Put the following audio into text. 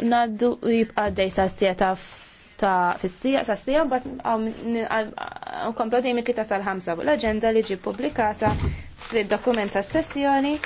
naddu jibqa' dej sa' sieta ta' fissija sa' sija mbagħad komplu dejjem it-tlieta sal-ħamsa l-aġenda li ġie publikata fid-dokument tas-sessjoni.